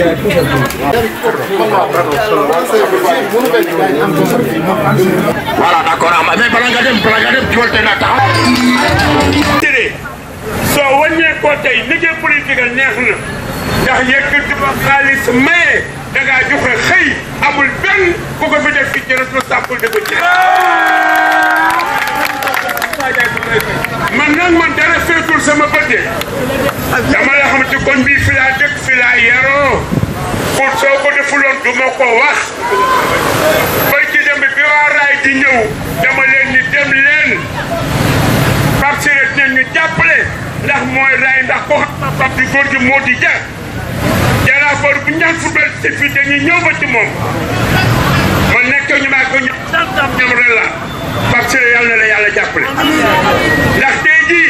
voilà d'accord am mais bala nga dem bala nga dem jiwante na taxaw. soo wàññeekoo tey liggéey politique neex na ndax yëkkati ba xaalis maye da ngaa joxe xëy benn ku ko fi def ci ci responsable de ko ci. man nag man dara sama bëdde dama la xam bii fi laa dëkk fi pour soo ko defuloon du ma ko wax bay ci dem bi waa raay di ñëw dama leen ni dem leen Pape Siré dinañ ñu ndax mooy raay ndax ko xam Pape di góor gi moo di ja jaraafar bu ñaan football ci fii dañuy ñëw ci moom ma nekk ñu maa ko ñam ñam rek la Pape Siré yàlla na la yàlla jàppale ndax tey jii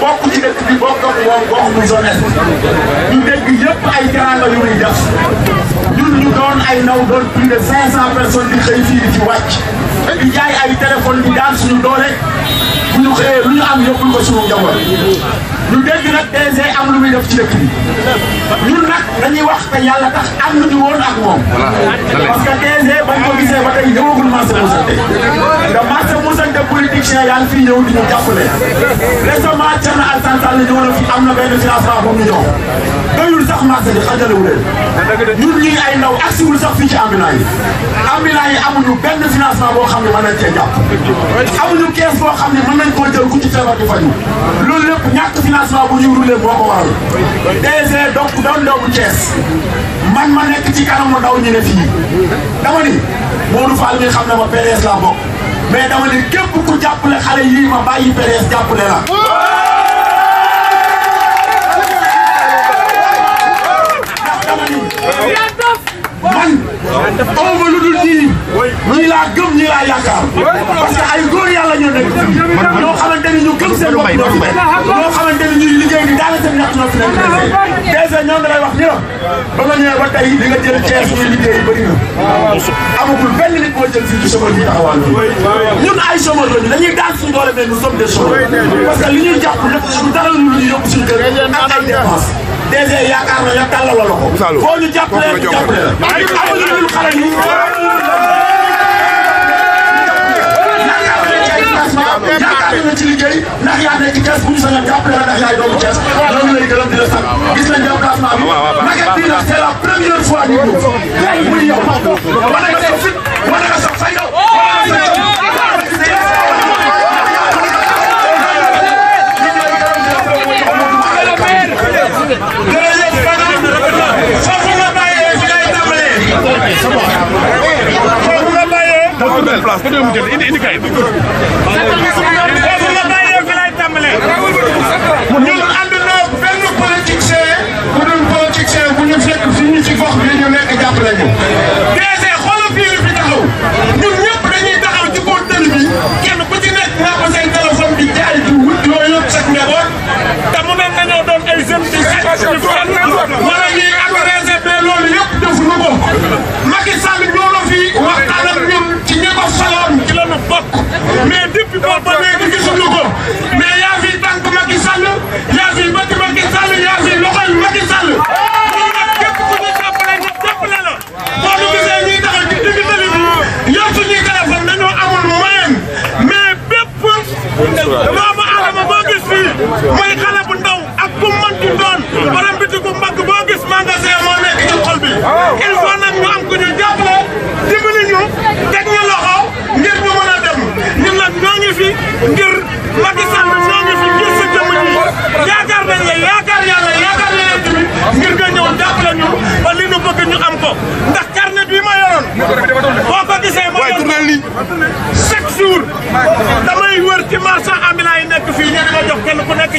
bokk ci dëkk bi bokk ak moom bokk bu zone est ñu dégg yëpp ay teranga yu muy def ñun ñu doon ay naw doon plus de 500 personnes di xëy fii di ci wàcc jaay ay téléphone di daan suñu doole bu ñu xëyee lu ñu am yóbbul ko suñu njaboot. ñu dégg nag DG am lu muy def ci dëkk bi ñun nag dañuy wax te yàlla tax am nañu woon ak moom. parce que DG bañ ko gisee ba tey ñëwagul marché Moussante. nga marché Moussante politicien yaa ngi fi ñëw di ñu jàppale. récemment Thierno Alassane Sall ñëw na fi am na benn financement boobu ñu ñëw. doyul sax marché bi xajalewu ñun ñii ay ndaw agsiwul sax fii ci ambulant yi ambulant yi amuñu benn financement boo xam ne mën nañ cee jàpp amuñu kees boo xam ne mën nañ koo jël ku ci feebar di faju loolu lépp ñàkk financement bu ñu rulee moo ko waral DG donc doon ndaw bu Thiès man ma nekk ci kanamu ndaw ñu ne fii dama ni Modou Fall mi xam ne ma PDS laa bokk mais dama ni képp ku jàppale xale yii ma bàyyi PDS jàppale la dama ni man aw ma lu dul ñii ñii laa gëm ñii laa yaakaar parce que ay góor yàlla ñoo nekk fii ñoo xamante ni ñu gëm seen bopp ñoo fi ñoo xamante ni ñuy liggéey ni daala seen ñax ñoo fi nekk dèjà ñoo ngi lay wax ni la ba nga ñëwee ba tey li nga jël Cees ñuy liggéey bëri na amagul benn nit moo jël fii ci chômeur bi taxawal ñun ay chômeur lañu dañuy daan suñu doole mais nous sommes des chômeurs parce que li ñuy jàpp lépp dara lu ñu yóbbu suñu kër ak ay dépense DG yaakaar na ña tàllal wala ko. foo ñu jàppalee ñu jàppale la. ay amuñu ñun xale yi. yaakaar na ci liggéey ndax yaa nekk Thiès bu ñu sañoon jàppale la ndax yaay doomu Thiès loolu lay gërëm di la sant gis nañ déplacement bi maquette bi nag c'est la première fois ñu ñëw muy yow wane nga sa fit wane nga sa fay yow plaats. ba déwén mu jënd indi indi kayit.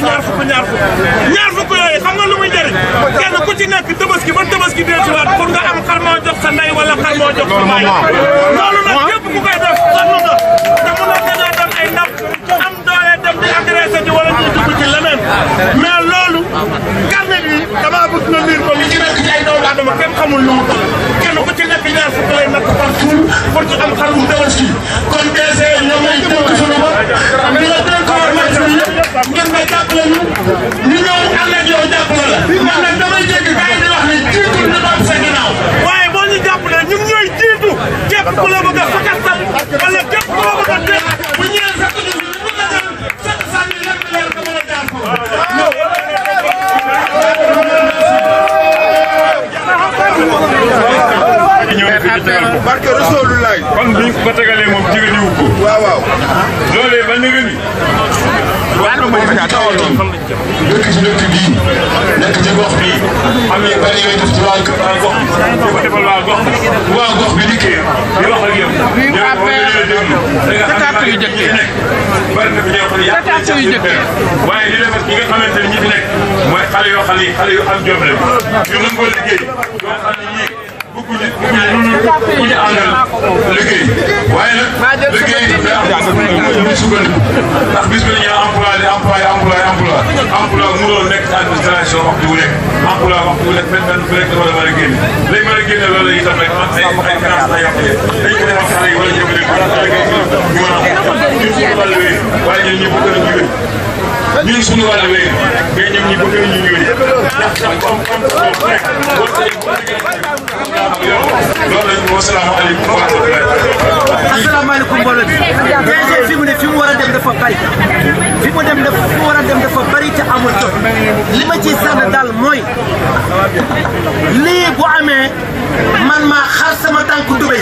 fukki ñaar fukk ñaar fukk ñaar fukk yooyu xam nga lu muy jëriñ kenn ku ci nekk tabaski ba tabaski dee ci waat pour nga am xar moo jox sa ndey wala xar moo jox sa baay loolu nag képp ku koy def sonn na te mun a dañoo dem ay napp am doole dem di agressé di wala ñuy dugg ci leneen mais loolu carnet bi damaa bëgg na liir ko li ci nekk ci ay doomu aadama kenn xamul lu mu toll comité vétérinaire fu koy napp partout pour ñu am xar mu dewal fii kon DG ñoom ñooy dénk suñu bopp ñu la dénkoon nag suñu yëpp ngeen may jàppale ñu ñu ñëw ànd ak yow jàppale la man nag yi di wax ku la bëgg a fakkatal wala am na yu bëri yooyu def ci waa gox bi defal waa gox bu waa gox bi dikkee di wax ak yow. yu jëkk bari na fi ñoo xam ne yàq yu jëkk waaye li defar ñi nga xamante ne ñi fi nekk mooy xale yoo xam ne xale yu am jom la yu nangoo liggéey yoo xam ne yii bëgguñu bëgguñu ku ñu àndal liggéey waaye nag liggéey dafa am lu sukkandiku ndax bis bi dañoo employé employé employé emploi mënoo nekk ci administration waxtu wu nekk emploi waxtu wu nekk benn benn bu nekk dafa la mën a génne lay mën a génne loolu itam rek man ay ay grâce la yàq leen dañ ko defar xale yi wala jëmale ko ñu mën a ñun suñu wàllu wéy waaye ñun ñu bëgg nañ ñu wéy ñun suñu wàllu wéy mais ñun ñu bëgg nañ ñu wéy ndax ndax comme comme loolu la ñu woo salaamaaleykum wa fi mu ne fi mu war a dem dafa bari. fi mu dem dafa fi bari te amul jot. li ma ciy sànn daal mooy lii amee man maa xar sama tànku dubay.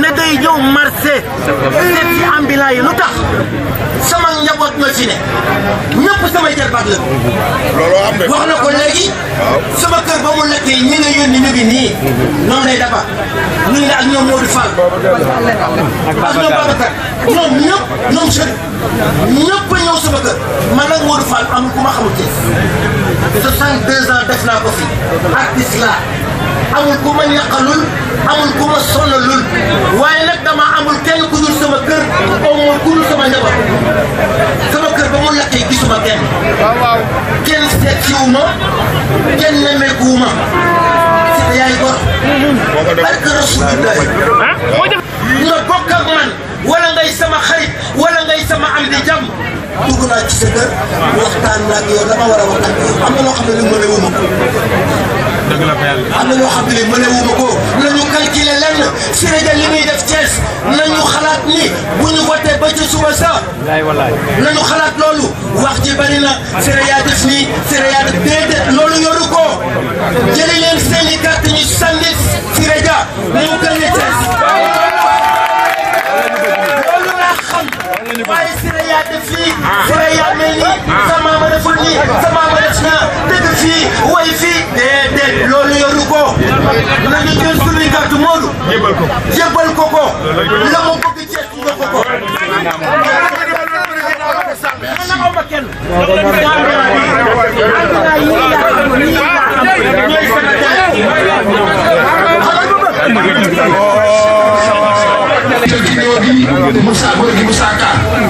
ne day ñëw marché. seet ci ambulant yi lu tax sama njaboot ñoo ci ne ñëpp samay jarbaat la. looloo am de wax na ko léegi. sama kër nii. ñoom lay dafa ñu la ak ñoom Modou Fall ak Babacar ñoom ñëpp ñoom seen ñëpp a ñëw sama kër man ak Modou Fall amul ku ma xamul ci 62 ans def naa ko fi artiste laa amul ku ma ñaqalul amul ku ma sonalul waaye nag dama amul kenn ku dul sama kër amul ku dul sama njaboot sama kër ba mu lakkee gisuma kenn kenn seet si wu ma kenn nemmeeku wu جاي بطل برك رسول الله nga bokk ak man wala ngay sama xarit wala ngay sama am di jàmm dugg naa ci sa kër waxtaan naa ak yow dama war a waxtaan yow am na loo xam ne li mëne wuma ko dëgg la ko yàlla am na loo xam ne li mëne wuma ko nañu calculer lenn Sénégal li muy def Thiès nañu xalaat ni bu ñu voté ba ci suba sa nañu xalaat loolu wax ji bari na Sénégal def nii Sénégal déedéet loolu yoru ko jëli leen seen i carte Seyda moo gagné Thiès loolu laa xam waaye Sira yaa def fii Sira yaa mel nii sama ma deful nii sama ma def na dëgg fii way fii déedéet loolu yoru ko nañu jël suñuy carte Modou jébbal ko ko la mu bëgg Thiès nga ko ko kenn Moussa Gorgui Moussa Ka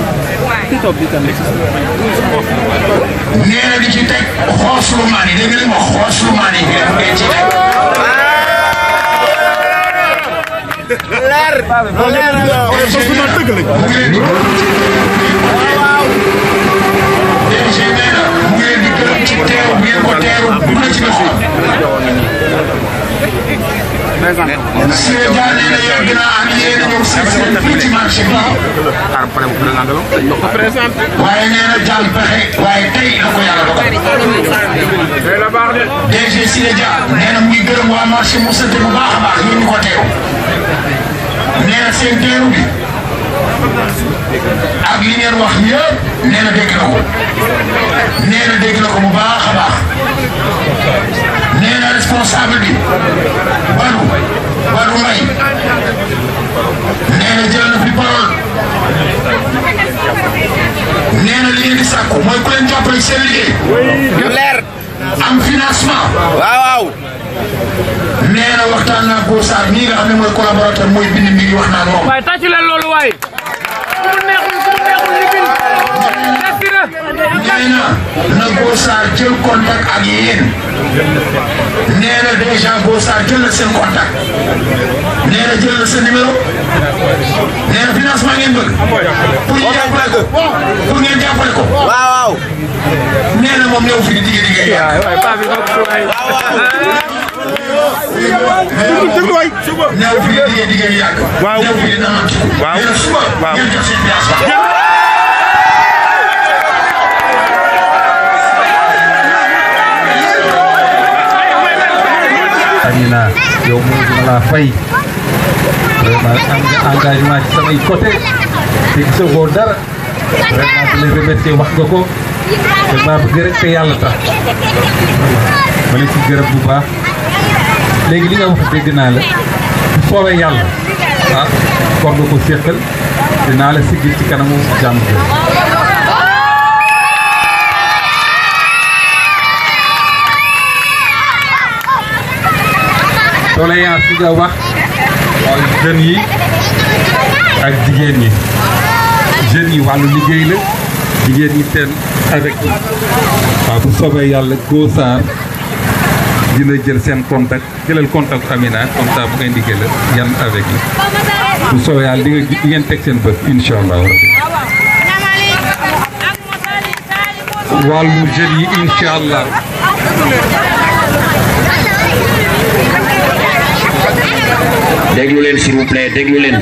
nee na di ci teg xooslu maan yi dégg nga li ma xooslu maan yi ngeen ci teg. leer leer la wala sos bi dëgg lañ. mu ngi leen di DG nee na mu ngi leen di gërëm ci teew bi ngeen ko teew bu na ci bés bi. xaar pare bu président Gallo dañ ko présenté waaye nee na jàll pexe waaye tey la ko yàlla dogal la baax de DG Sile Dia nee na mu ngi gërëm waa marché mu sant bu baax a baax ñun ñu ko teew nee na seen teeru bi ak li ngeen wax yëpp nee na dégg na ko nee na dégg na ko bu baax a baax responsable bi Badou Badou Mbaye nee na jël na fi mooy ku leen jàppale mooy collaborateur mi ngi wax naan moom. waay tàcc loolu waay. nee na na Gosaar jël contact ak yéen nee na ko pour ngeen jàppale waaw nee moom ñëw fi di liggéey liggéey. Now, if you amina yomu mala fay engagement ci samay côté te gisagoo dara vraiment bu la remercié wax nga ko dama bëgg rek te yàlla tax ma la ci gërëm bu baax léegi li nga wax dégg naa la bu doléance yi nga wax jeunes yi ak jigéen ñi jeunes yi wàllu liggéey la jigéen ñi seen avec yi waaw bu soobee yàlla Go Sarr dina jël seen contact jëlal contact Amina comme ça bu ngay liggéey la yan avec yi bu soobee yàlla di nga ngeen teg seen bët incha allah wàllu jeunes yi incha déglu leen s'il leen.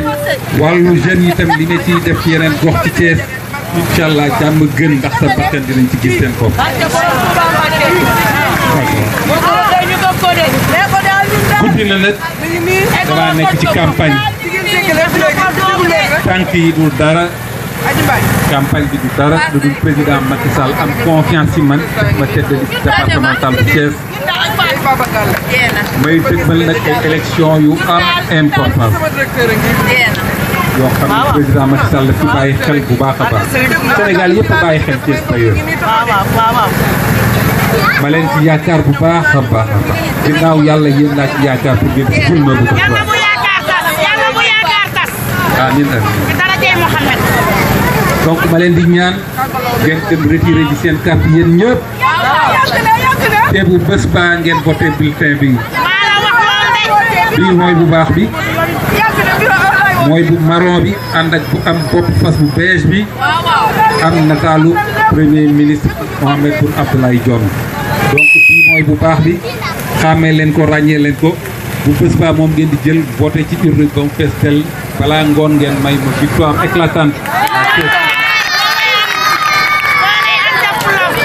wàllu jeunes yi tam li nga ci def ci yeneen gox ci Thiès incha allah jàmm gën ndax sa bakkan dinañ ci gis seen bopp. guddi na nag dalaa nekk ci campagne tànk yi dul dara campagne bi du dara lu dul président Macky Sall am confiance ci man ma tête de liste départementale bu may dëgmal nag ay élection yu am importance yoo xam ne président Macky Sall fi bàyyi xel bu baax a baax Sénégal yëpp bàyyi xel Thiès Bayor ma leen ci yaakaar bu baax a baax yàlla yéen laa ci yaakaar pour ngeen ci gën a bu ko amiin amiin donc ma leen di ñaan ngeen dem retiré ji seen carte yéen te bu bés ba ngeen voté bulletin bi bii mooy bu baax bi mooy bu marron bi ànd ak bu am bopp fas bu beige bi am nataalu premier ministre Mohamed Boun Abdallah Dionne donc bii mooy bu baax bi xàmmee leen ko ràññee leen ko bu bés ba moom ngeen di jël voté ci urne ba mu fees tel balaa ngoon ngeen may ma victoire éclatante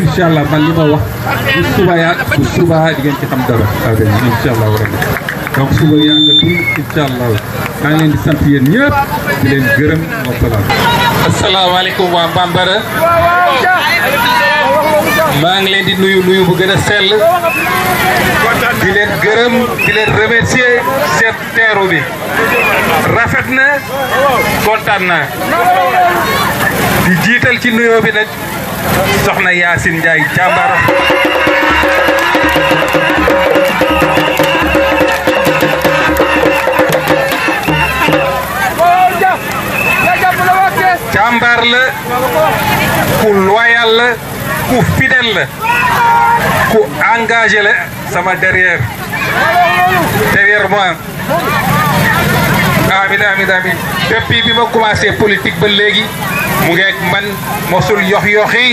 insha allah man li ma wax bu suba yaa bu suba di ngeen ci xam dara abe insha allah rabbi donc suba yaa nga tul insha allah maa ngi leen di sant yéen ñëpp di leen gërëm wa salaam asalaamaaleykum waa bambara maa ngi leen di nuyu nuyu bu gën a di leen gërëm di leen remercier seen teeru bi rafet na kontaan naa di jiital ci nuyoo ya, bi nag soxna Yacine Ndiaye jàmbar jàmbar la ku loyal la ku fidèle la ku engagé la sama derrière derrière moi amin amin amin depuis bi ma commencé politique ba léegi mu ngeeg man mosul yox yoxi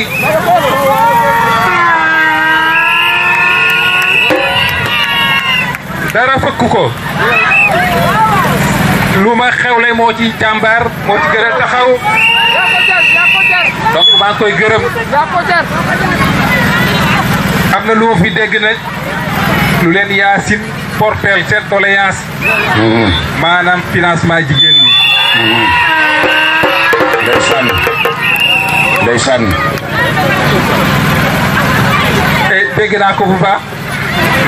dara fëkk ko lu ma xewle moo ci jàmbaar moo ci gën taxaw donc maa koy na lu ma fi dégg nag lu leen yaasin porteel seen doléance mm-hmm. maanaam financement jigéen ñi mm-hmm. Daisan Daisan eh, dégg naa ko bu baax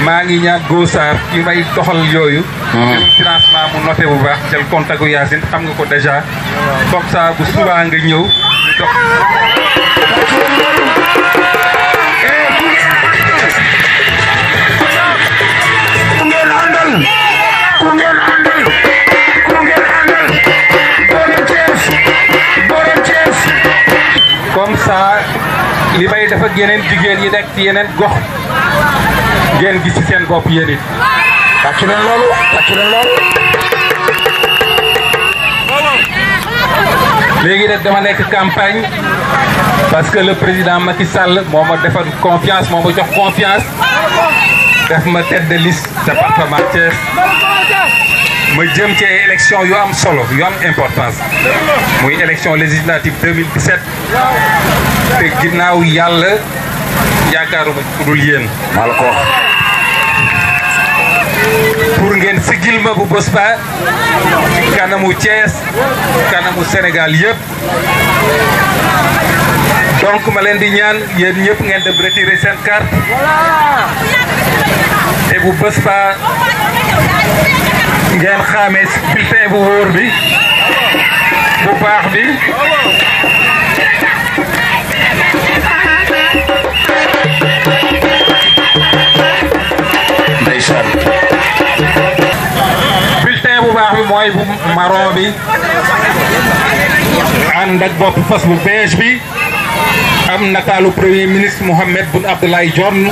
maa ngi ñaag Gosaar may doxal yooyu hmm. financement mu noté bu baax jël contact Yacine xam nga ko déjà bu nga dox eh, saa li may dafa ak yeneen jigéen yi nekk ci yeneen gox ngeen gis ci seen bopp yéen it tàccu leen loolu tàccu leen loolu léegi nag dama nekk campagne parce que le président Macky Sall moo ma defal confiance moo ma jox confiance def ma tête de liste département Thiès ma jëm ci ay élection yu am solo yu am importance muy élection législative 2017 te ginnaaw yàlla yaakaaruma ku dul yeen mal ko pour ngeen sigil ma bu bés ba ci kanamu Thiès kanamu Sénégal yépp donc ma len di ñaan yeen ñëpp ngeen dem retirer sen carte et bu bés ngeen xamee bulletin bu wóor bi bu baax bi ndeysaan bulletin bu baax bi mooy bu marron bi ànd ak bopp fas bu beige bi am nataalu premier ministre Mohamed Boun Abdallah Dionne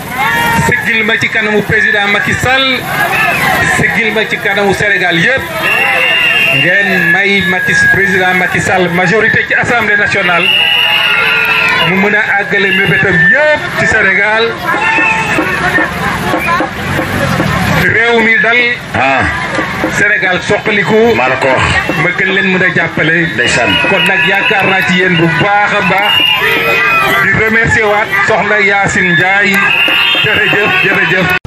sëggil ma ci kanamu président Macky Sall sëggil ma ci kanamu Sénégal yëpp ngeen may Macky président Macky Sall majorité ci assemblée national mu mën a àggale mébétam yëpp ci Sénégal. réew mi dal. Sénégal soqaliku. maa la ko wax. ma gën leen mën a jàppale. ndeysaan kon nag yaakaar naa ci yéen bu baax a baax. di remercier waat soxna Yacine Ndiaye jërëjëf jërëjëf.